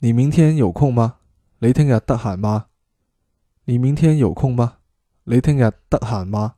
你明天有空嗎？你聽日得閒嗎？你明天有空嗎？你聽日得閒嗎？